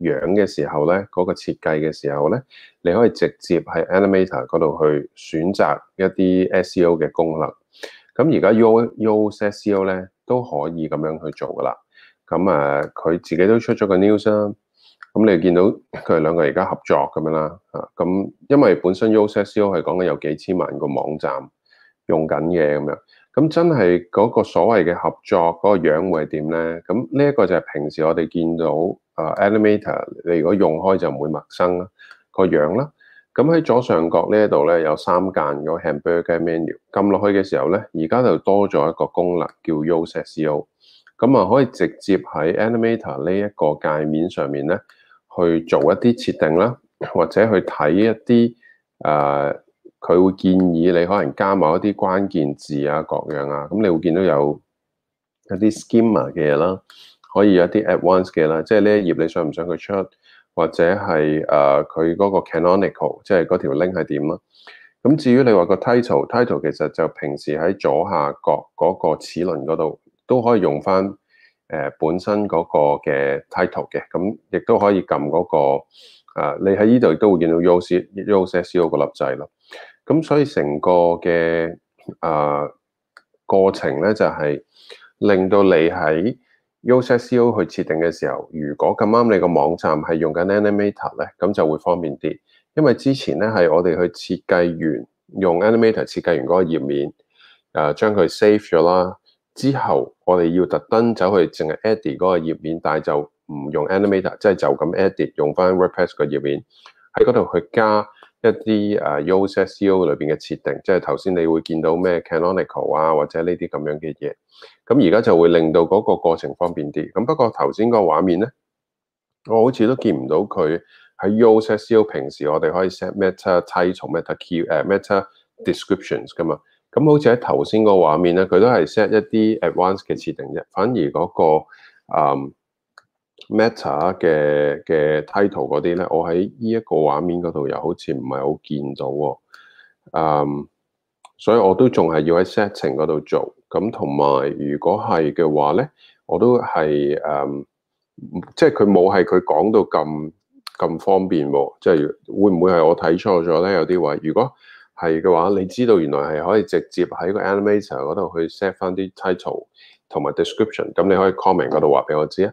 樣嘅時候咧，嗰、嗰個設計嘅時候咧，你可以直接喺 Animator 嗰度去選擇一啲 SEO 嘅功能。咁而家 Yoast SEO 咧都可以咁樣去做噶啦。咁啊，佢自己都出咗個 news 啦、啊。咁你見到佢哋兩個而家合作咁樣啦。吓咁，因為本身 Yoast SEO 係講緊有幾千萬個網站用緊嘢咁樣。咁真係嗰個所謂嘅合作嗰、嗰個樣會係點咧？咁呢一個就係平時我哋見到。啊，Animator，你如果用開就唔會陌生啦，個樣啦。咁喺左上角呢一度咧，有三間嘅 Hamburger Menu。撳落去嘅時候咧，而家就多咗一個功能叫 Yoast SEO。咁啊，可以直接喺 Animator 呢一個界面上面咧，去做一啲設定啦，或者去睇一啲誒，佢、呃、會建議你可能加某一啲關鍵字啊，各樣啊。咁你會見到有一啲 Schema 嘅嘢啦。可以有啲 advanced 嘅啦，即係呢一頁你想唔想佢出，或者係誒佢嗰個 canonical，即係嗰條 link 係點啦。咁至於你話個 title，title 其實就平時喺左下角嗰個齒輪嗰度都可以用翻誒本身嗰個嘅 title 嘅。咁亦都可以撳嗰、嗰個、呃、你喺呢度都會見到 URL，URL 嗰粒掣咯。咁所以成個嘅誒、呃、過程咧，就係、係、令到你喺 Yoast SEO 去設定嘅時候，如果咁啱你個網站係用緊 Animator 咧，咁就會方便啲。因為之前咧係我哋去設計完，用 Animator 設計完嗰個頁面，誒、啊、將佢 save 咗啦。之後我哋要特登走去淨係 edit 嗰個頁面，但係就唔用 Animator，即係就咁 edit，用翻 WordPress 嗰個頁面喺嗰度去加。一啲誒 Yoast SEO 裏邊嘅設定，即係頭先你會見到咩 Canonical 啊，或者呢啲咁樣嘅嘢，咁而家就會令到嗰個過程方便啲。咁不過頭先個畫面咧，我好似都見唔到佢喺 Yoast SEO 平時我哋可以 set Meta Title 咩 Meta Key 誒、uh、Meta Descriptions 㗎嘛。咁好似喺頭先個畫面咧，佢都係 set 一啲 Advanced 嘅設定啫。反而嗰、嗰個、um, Meta 嘅嘅 title 嗰啲咧，我喺呢一個畫面嗰度又好似唔係好見到喎、嗯，所以我都仲係要喺 setting 嗰度做，咁同埋如果係嘅話咧，我都係誒、嗯，即係佢冇係佢講到咁咁方便喎，即係會唔會係我睇錯咗咧？有啲話，如果係嘅話，你知道原來係可以直接喺個 animator 嗰度去 set 翻啲 title 同埋 description，咁你可以 comment 嗰度話俾我知啊。